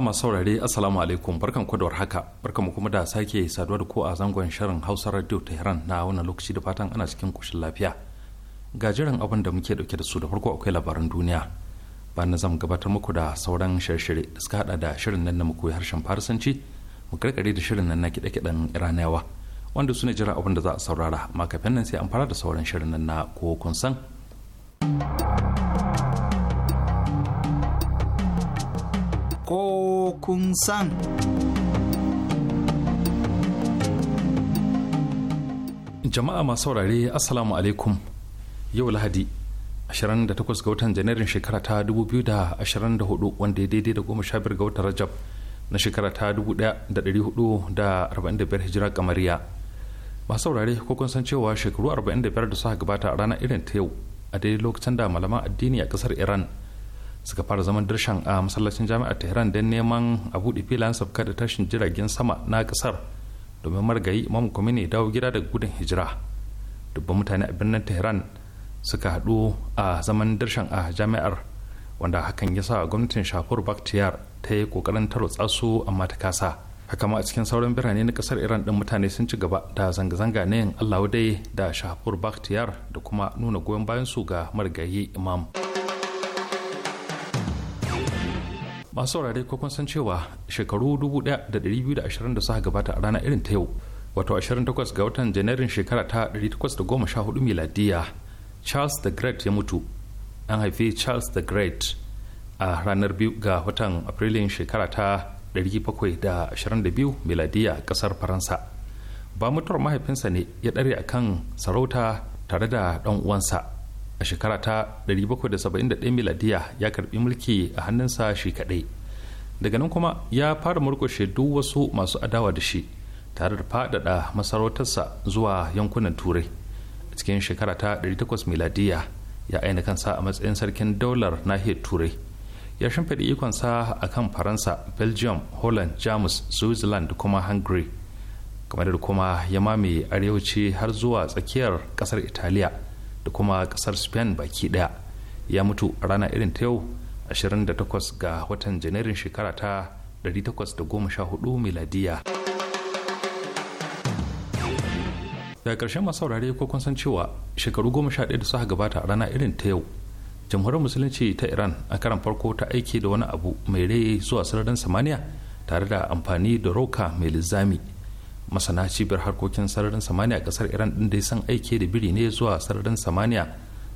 jama'a masu saurare assalamu alaikum barkan ku da haka barkan mu kuma da sake saduwa da ku a zangon shirin Hausa Radio Tehran na wannan lokaci da fatan ana cikin koshin lafiya ga jiran abin da muke dauke da su da farko akwai labaran duniya na zan gabatar muku da sauran shirye-shirye da suka hada da shirin nan na mu koyi harshen Farsanci mu karkare da shirin nan na kiɗe-kiɗen Iraniyawa wanda su ne jiran abin da za a saurara amma kafin nan sai an fara da sauran shirin nan na ko kun san ko kun san. Jama'a masu saurare Assalamu alaikum yau Lahadi 28 ga watan Janairun shekara ta 2024 wanda ya daidai da 15 ga watan Rajab na shekara ta 1445 hijira kamariya. Masu saurare ko kun san cewa shekaru 45 da suka gabata a ranar irin ta yau a daidai lokacin da malaman addini a kasar Iran suka fara zaman dirshan a masallacin jami'ar tehran don neman a buɗe filayen sabka da tashin jiragen sama na ƙasar domin margayi imam ne dawo gida daga gudun hijira dubban mutane a birnin tehran suka haɗu a zaman dirshan a jami'ar wanda hakan ya sa gwamnatin shafur baktiyar ta yi ƙoƙarin taro su amma ta kasa haka ma a cikin sauran birane na ƙasar iran ɗin mutane sun ci gaba da zanga-zanga na yin allahu dai da shafur baktiyar da kuma nuna goyon bayan su ga marigayi imam. masu saurare ko kun san cewa shekaru 1220 da suka gabata a rana irin ta yau wato 28 ga watan janairun shekara ta 1814 miladiya charles the great ya mutu an haifi charles the great a ranar biyu ga watan afrilun shekara ta 1722 miladiya kasar faransa ba mutuwar mahaifinsa ne ya ɗare kan sarauta tare da ɗan uwansa a shekara ta 771 miladiya ya karbi mulki a hannunsa shi kadai daga nan kuma ya fara murkushe duk wasu masu adawa da shi tare da faɗaɗa masarautarsa zuwa yankunan turai a cikin shekara ta 800 miladiya ya aina kansa a matsayin sarkin daular nahiyar turai ya shimfiɗa ikonsa a kan faransa belgium holland jamus switzerland da kuma hungary kamar da kuma ya mame arewaci har zuwa tsakiyar ƙasar italiya da kuma kasar spain baki daya ya mutu rana irin ta yau 28 ga watan janairun shekara ta 1814 miladiya daga ƙarshen masu saurare ko kun san cewa shekaru goma sha da suka gabata a rana irin ta yau jamhuriyar musulunci ta iran a karan farko ta aiki da wani abu mai rai zuwa sararin samaniya tare da amfani da roka mai lizami. masana cibiyar harkokin sararin samaniya a kasar iran din da ya san aiki da biri ne zuwa sararin samaniya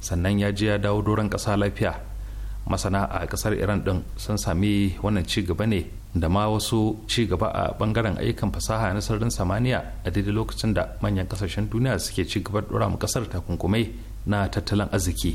sannan ya ji ya dawo doron kasa lafiya masana a kasar iran din sun sami wannan ci gaba ne da ma wasu ci gaba a bangaren ayyukan fasaha na sararin samaniya a daidai lokacin da manyan kasashen duniya suke ci gaba dora mu kasar takunkumai na tattalin arziki.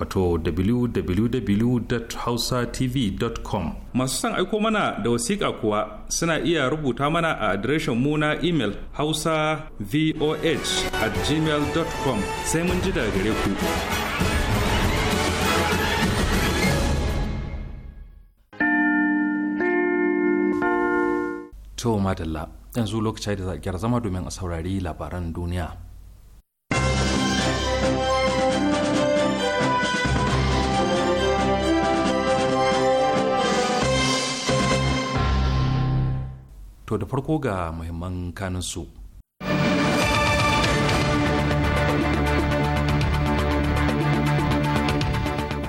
wato www.hausatv.com masu son aiko mana da wasiƙa kuwa suna iya rubuta mana a adireshin mu na imel hausa voh at gmail.com sai mun ji daga gare ku to madalla yanzu lokaci da za zama domin a saurari labaran duniya to da farko ga muhimman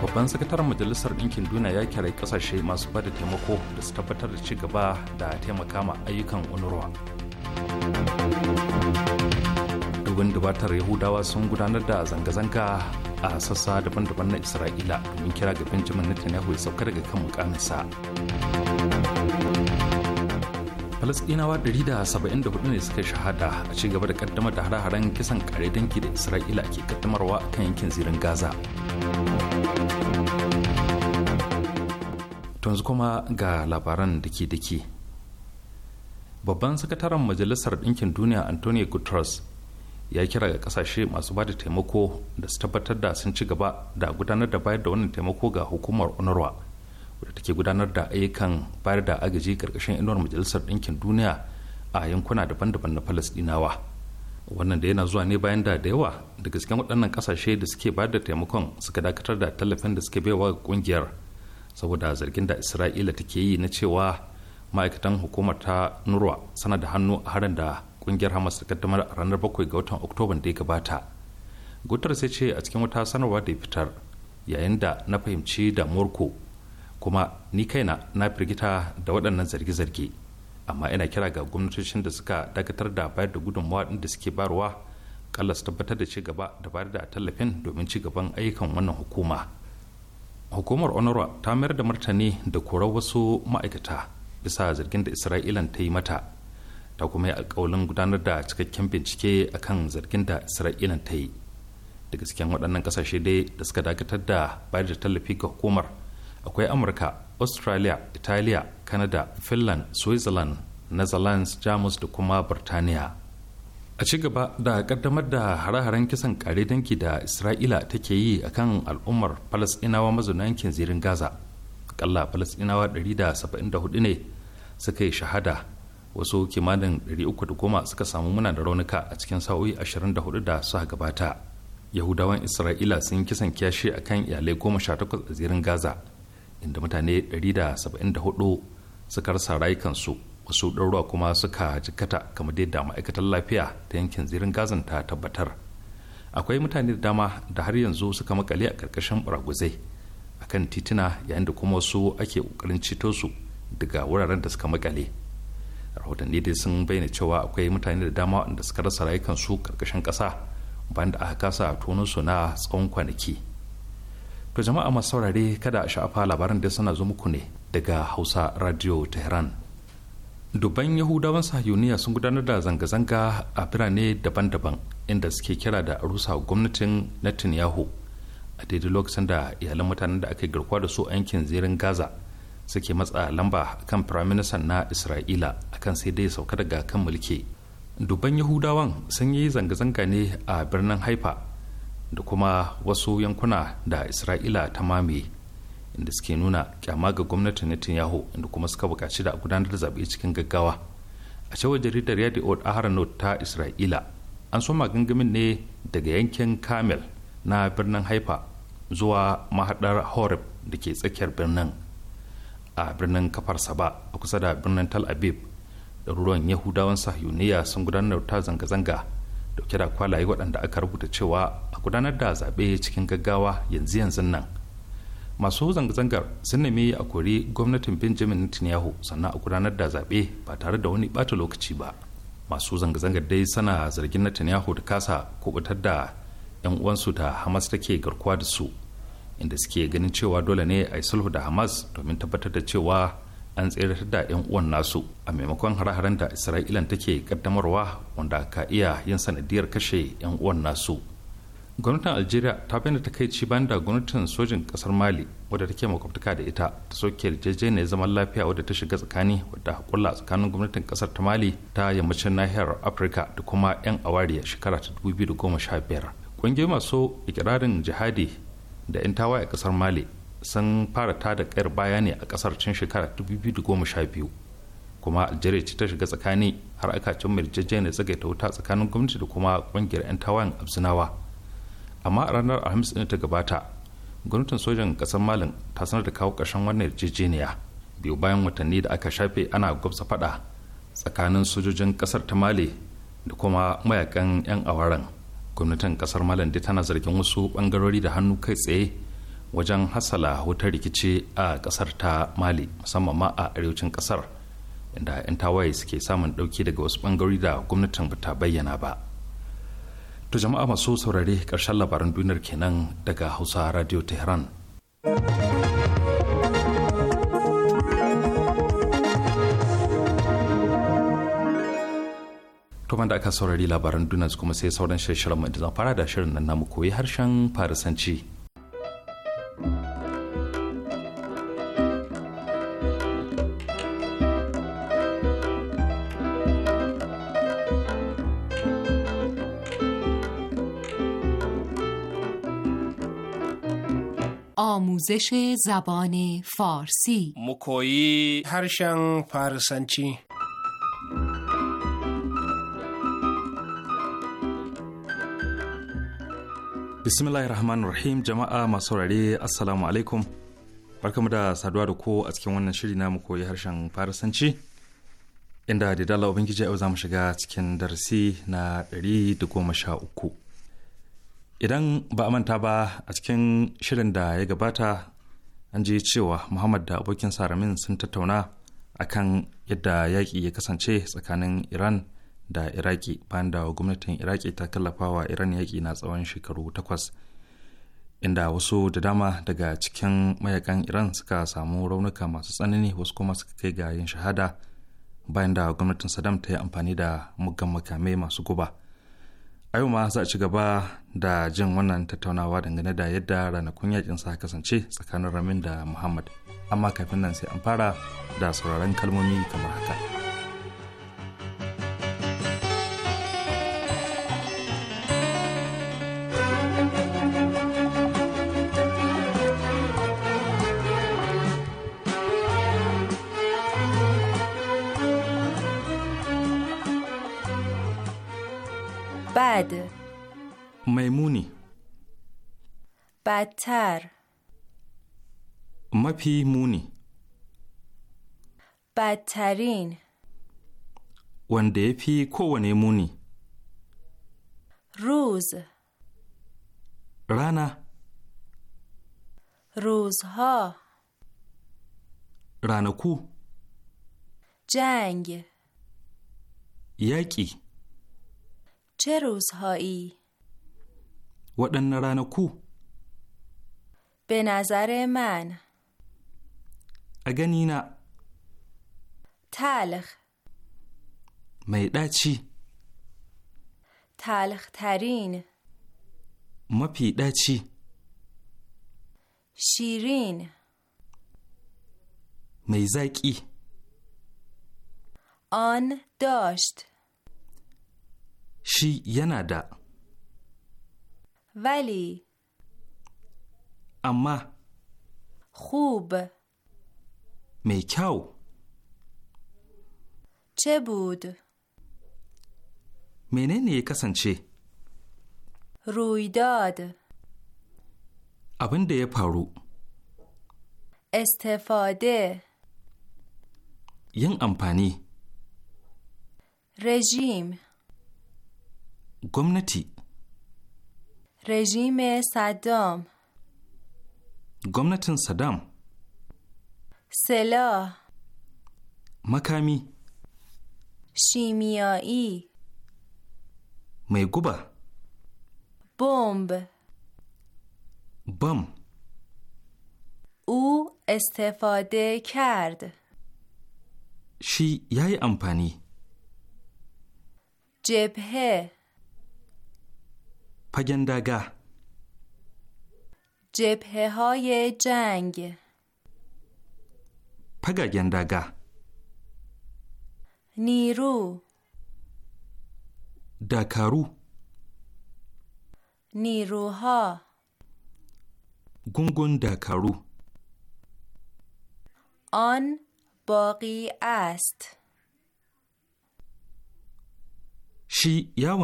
Babban sakataren Majalisar Ɗinkin Duniya ya kira ƙasashe masu ba da taimako da su tabbatar da ci gaba da taimaka ma ayyukan UNRWA. dubin dubatar yahudawa sun gudanar da zanga-zanga a sassa daban-daban na isra'ila domin kira ga benjamin netanyahu ya sauka daga kan mukaminsa falasɗinawa 174 ne suka shahada a ci gaba da kaddamar da hare-haren kisan kare danki da isra'ila ke kaddamarwa kan yankin zirin gaza yanzu kuma ga labaran da ke dake babban sakataren majalisar ɗinkin duniya antonio guterres ya kira ga kasashe masu ba da taimako da su tabbatar da sun ci gaba da gudanar da bayar da wannan taimako ga hukumar unarwa wadda take gudanar da ayyukan bayar da agaji karkashin inuwar majalisar ɗinkin duniya a yankuna daban-daban na falastinawa wannan da yana zuwa ne bayan da da yawa da gaske waɗannan ƙasashe da suke bayar da taimakon suka dakatar da tallafin da suke baiwa ga ƙungiyar saboda zargin da isra'ila take yi na cewa ma'aikatan hukumar ta nurwa sana da hannu a harin da ƙungiyar hamas ta kaddamar a ranar 7 ga watan oktoban da ya gabata gutar sai ce a cikin wata sanarwa da ya fitar yayin da na fahimci da morko kuma ni kaina na firgita da waɗannan zarge-zarge amma ina kira ga gwamnatocin da suka dakatar da bayar da gudunmawa da suke barwa kalla su tabbatar da cigaba da bayar da tallafin domin ci gaban ayyukan wannan hukuma hukumar onarwa ta mayar da martani da korar wasu ma'aikata bisa zargin da isra'ilan ta yi mata ta kuma yi alkawalin gudanar da cikakken bincike akan zargin da isra'ilan ta yi da gasken waɗannan ƙasashe dai da suka dakatar da bayar da tallafi ga hukumar akwai amurka australia italiya canada finland switzerland netherlands jamus da kuma burtaniya a ci gaba da kaddamar da hare-haren kisan kare danki da isra'ila take yi akan al'ummar falasɗinawa mazauna yankin zirin gaza akalla falasɗinawa 174 ne suka yi shahada wasu kimanin 310 suka samu muna da raunuka a cikin sa'o'i 24 da suka gabata yahudawan isra'ila sun kisan kyashe akan iyalai goma sha 18 a zirin gaza inda mutane 174 suka rasa rayukansu wasu ruwa kuma suka jikata kamar da ma'aikatar lafiya ta yankin zirin gazan ta tabbatar akwai mutane da dama da har yanzu suka makale a ƙarƙashin baraguzai a kan titina yayin da kuma wasu ake ƙoƙarin ceto su daga wuraren da suka makale rahotanni dai sun bayyana cewa akwai mutane da dama waɗanda suka rasa rayukansu ƙarƙashin ƙasa bayan da aka kasa tono su na tsawon kwanaki ku jama'a masu saurare kada a sha'afa labaran da suna zo muku ne daga Hausa Radio Tehran. Dubban Yahudawan Sahiyuniya sun gudanar da zanga-zanga a birane daban-daban inda suke kira da rusa gwamnatin Netanyahu a daidai lokacin da iyalan mutanen da aka garkuwa da su a yankin zirin Gaza suke matsa lamba kan firaministan na Isra'ila akan sai dai sauka daga kan mulki. Dubban Yahudawan sun yi zanga-zanga ne a birnin Haifa da kuma wasu yankuna da isra'ila ta mame inda suke nuna kyama ga gwamnatin netanyahu inda kuma suka bukaci da gudanar zaɓe cikin gaggawa a cewar jaridar yadda od ahranot ta isra'ila an soma gangamin ne daga yankin kamel na birnin haifa zuwa mahaɗar horeb da ke tsakiyar birnin a birnin kafar saba a kusa da birnin tal abib ɗaruruwan yahudawan sahiyuniya sun gudanar ta zanga-zanga dauke da kwalaye waɗanda aka rubuta cewa a gudanar da zaɓe cikin gaggawa yanzu yanzu nan masu zanga-zangar sun nemi a kori gwamnatin benjamin netanyahu sannan a gudanar da zaɓe ba tare da wani ɓata lokaci ba masu zanga-zangar dai sana zargin netanyahu da kasa kubutar da 'yan uwansu da hamas take garkuwa da su inda suke ganin cewa dole ne a yi sulhu da hamas domin tabbatar da cewa an tseratar da 'yan uwan nasu a maimakon hare-haren da isra'ilan take kaddamarwa wanda ka iya yin sanadiyar kashe 'yan uwan nasu gwamnatin algeria ta bayyana takaici bayan da gwamnatin sojin kasar mali wadda take makwabtaka da ita ta soke yarjejeniyar zaman lafiya wadda ta shiga tsakani wadda kulla tsakanin gwamnatin kasar ta mali ta yammacin nahiyar afirka da kuma 'yan awariya shekara ta biyar ƙungiyoyi masu ikirarin jihadi da 'yan tawaye kasar mali sun fara tada da kayar baya ne a kasar cin shekara 2012 kuma algeria ce ta shiga tsakani har aka cin da tsagaita wuta tsakanin gwamnati da kuma kungiyar 'yan tawayan abzinawa amma a ranar alhamis ɗin ta gabata gwamnatin sojan kasar malin ta sanar da kawo ƙarshen wannan yarjejeniya biyu bayan watanni da aka shafe ana gwamsa faɗa tsakanin sojojin kasar ta male da kuma mayakan 'yan awaran gwamnatin kasar malin dai tana zargin wasu bangarori da hannu kai tsaye wajen hasala wutar rikici a kasar ta mali musamman ma a arewacin kasar inda 'yan tawaye suke samun dauki daga wasu bangarori da gwamnatin ba ta bayyana ba to jama'a masu saurare karshen labaran duniyar kenan daga hausa radio tehran kuma da aka saurari labaran duniya kuma sai sauran shirye-shiryen da zan fara da shirin nan namu koyi harshen farisanci آموزش زبان فارسی مکویی هرشن فارسنچی bismillahir rahmanir rahim jama'a masu saurare assalamu alaikum barkamu da saduwa da ko a cikin wannan shiri namu koyi harshen farisanci inda da dala ubangiji yau za mu shiga cikin darasi na 113 idan ba a manta ba a cikin shirin da ya gabata an ji cewa muhammad da abokin saramin sun tattauna a kan yadda yaƙi ya kasance tsakanin iran da iraki bayan da gwamnatin iraki ta kallafa wa iran yaƙi na tsawon shekaru takwas inda wasu da dama daga cikin mayakan iran suka samu raunuka masu tsanani wasu kuma suka kai ga yin shahada bayan da gwamnatin saddam ta yi amfani da muggan makamai masu guba a yau ma za a ci gaba da jin wannan tattaunawa dangane da yadda ranakun yakin sa kasance tsakanin ramin da muhammad amma kafin nan sai an fara da sauraron kalmomi kamar haka. Mai muni. Batar. Mafi muni. Batarin. wanda ya fi kowane muni. Ruz Rana ho. Ranaku Jang Yaƙi چه روزهایی؟ ودن نرانکو به نظر من اگنینا تلخ میداچی تلخ ترین مپیداچی شیرین میزاکی آن داشت shi yana da vali amma khub mai kyau chebud menene ya kasance? Ruidad Abin da ya faru. Estefade Yin amfani. Regime گمنتی رژیم صدام گمنتن صدام سلاح مکامی شیمیایی میگوبا بمب بم او استفاده کرد شی یای امپانی جبهه پگندگه جبهه های جنگ پگندگه نیرو دکرو نیروها گونگون داکارو آن باقی است شی یا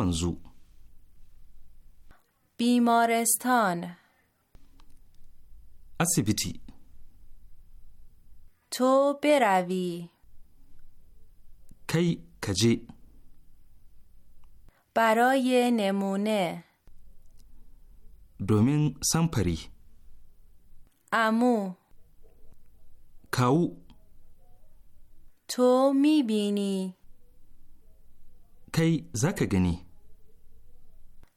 بیمارستان اسیبیتی تو بروی کی کجی برای نمونه دومین سمپری امو کاو تو میبینی کی زکگنی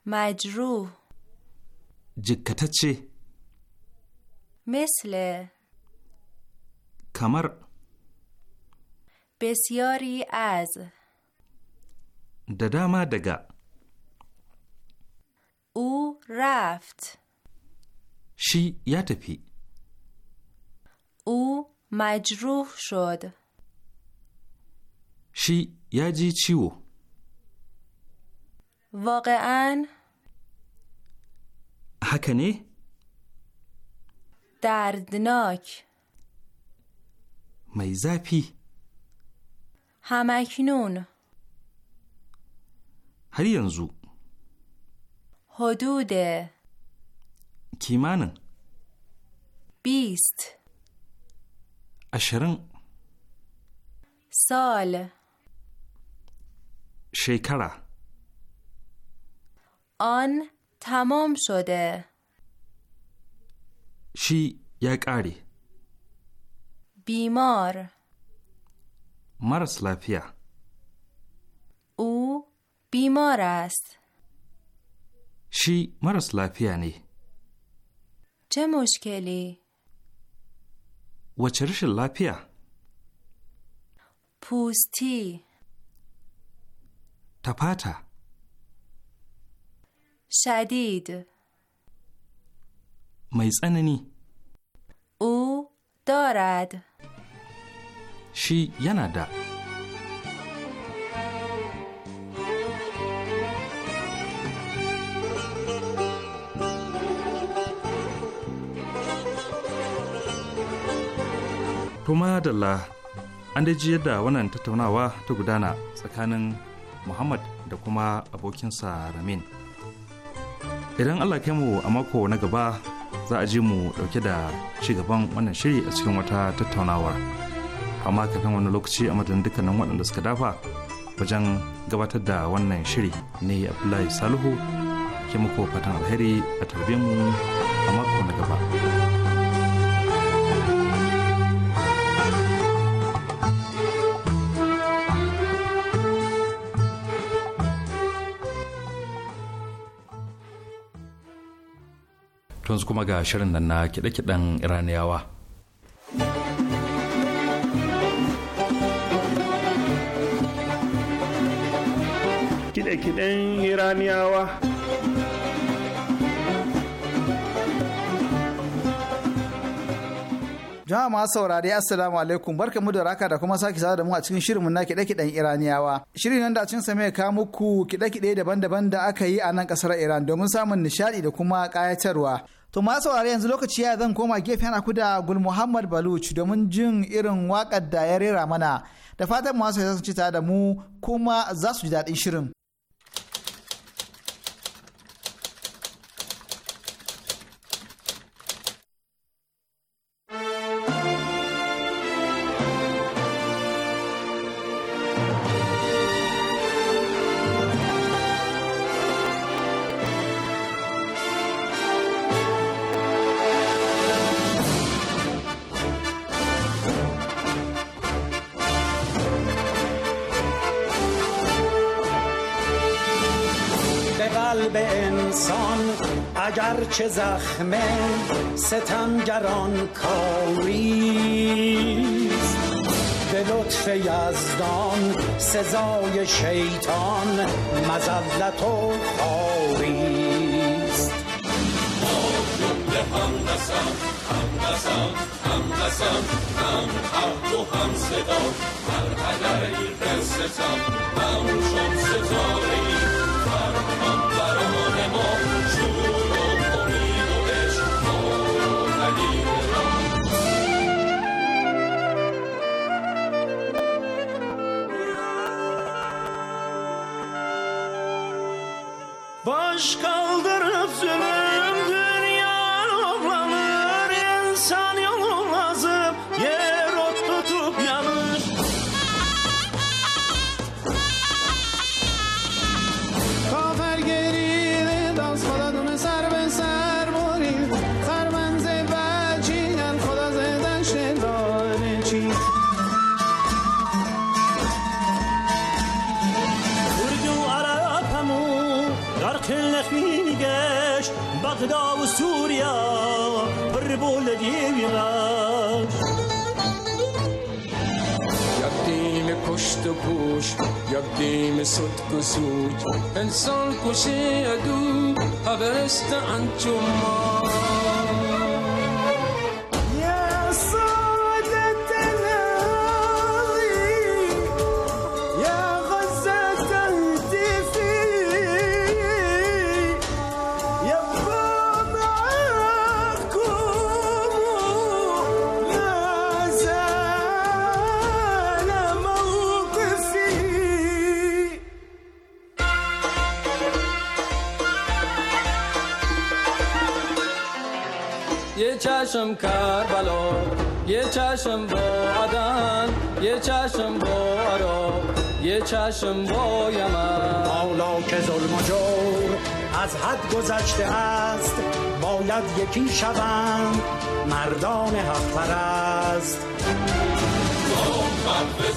مجروح جکتچه مثل کمر بسیاری از دداما دگا او رفت شی یا او مجروح شد شی یا جی چیو واقعا هکa دردناک می همکنون هر حدود کیمان بیست اشرین سال شیکرا آن تمام شده شی یک اری بیمار مرس لپیا. او بیمار است شی مرس لفیا نی چه مشکلی؟ و چرش لفیا؟ پوستی تپاتا شدید mai tsanani او دارد shi yana da Dalla an da jiyar da wannan tattaunawa ta gudana tsakanin Muhammad da kuma abokinsa Ramin. idan allah mu a mako na gaba za a ji mu dauke da ci gaban wannan shiri a cikin wata tattaunawar amma kafin wani lokaci a madadin dukkanin waɗanda suka dafa wajen gabatar da wannan shiri ne abdullahi salihu ke muku fatan alheri a tarbe mu a mako na gaba. yanzu kuma ga shirin nan na kiɗe-kiɗen iraniyawa kiɗe-kiɗen iraniyawa jama'a masu saurari assalamu alaikum mu da raka da kuma sake sada da mu a cikin shirinmu na kiɗe-kiɗen iraniyawa shirin nan da cin sa mai kawo muku kiɗe-kiɗe daban-daban da aka yi a nan ƙasar iran domin samun nishaɗi da kuma kayatarwa. To ma saurari yanzu lokaci ya zan koma gefe ana ku da Gul Muhammad Baluch domin jin irin waƙar da ya rera mana. Da fatan masu sun ci tare da mu kuma za su ji daɗin shirin. قلب انسان اگرچه زخم ستمگران کاریست به لطف یزدان سزای شیطان مزلت و خاریست هم هم هم هم حق هم صدا هر هم رفتیم صدق و انسان کشه دو حبرست انجمان چشم کربلا یه چشم با عدن یه چشم با عراق یه چشم با یمن حالا که ظلم و جور از حد گذشته است باید یکی شوند مردان حق پرست ما هم به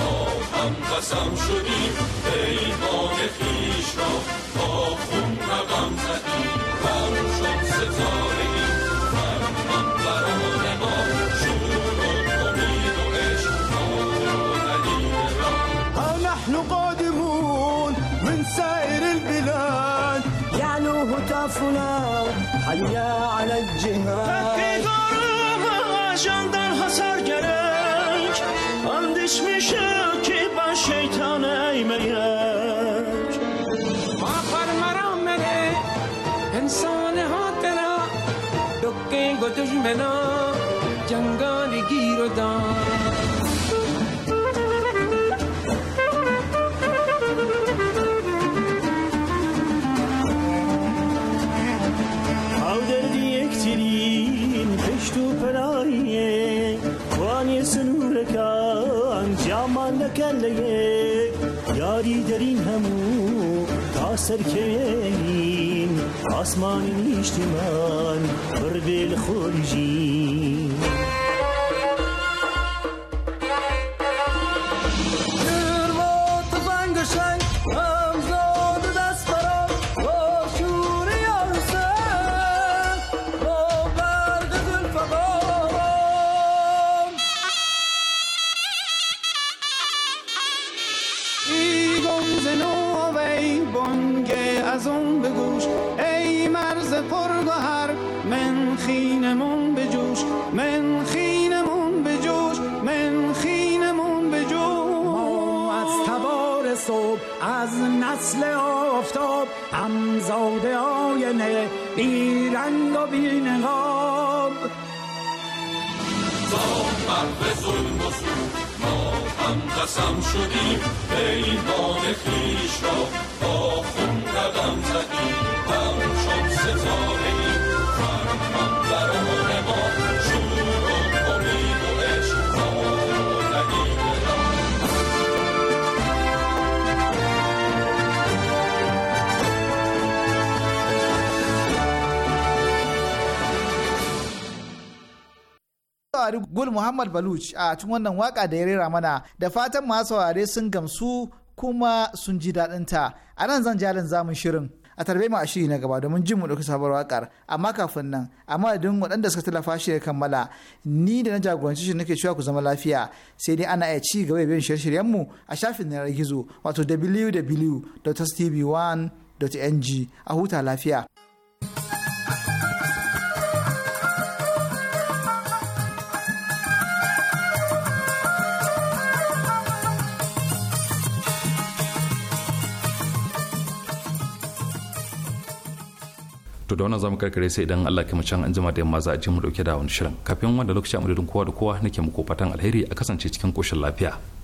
ما هم قسم شدیم پیمان خیش را با خون رقم زدیم هم شد ستاره من سائر البلاد یعلو هتافنا حیا علی الجهاد تکیدارم حسر سرگرک اندیش میشه که با شیطان ایمیک ما فرمرا مره انسان ها ترا دکه می دشمنا جنگان گیر و دان کله‌ی یاری دارین همو تا سرکین آسمان نیشتی من بر بیل gul muhammad baluch a cikin wannan waka da ya rera mana da fatan masu saurare sun gamsu kuma sun ji daɗin ta a nan zan jalin zamun shirin a tarbe mu a shiri na gaba domin jin mu ɗauki sabuwar wakar amma kafin nan amma da waɗanda suka tallafa shi ya kammala ni da na jagoranci shi nake cewa ku zama lafiya sai dai ana iya ci gaba da bin shirye-shiryen mu a shafin na gizo wato www.tv1.ng a huta lafiya. to da wannan zamu karkare sai idan Allah kuma can an jima da yamma za a ji mu dauke da wani shirin kafin wanda lokaci a da kowa da kowa nake muku fatan alheri a kasance cikin koshin lafiya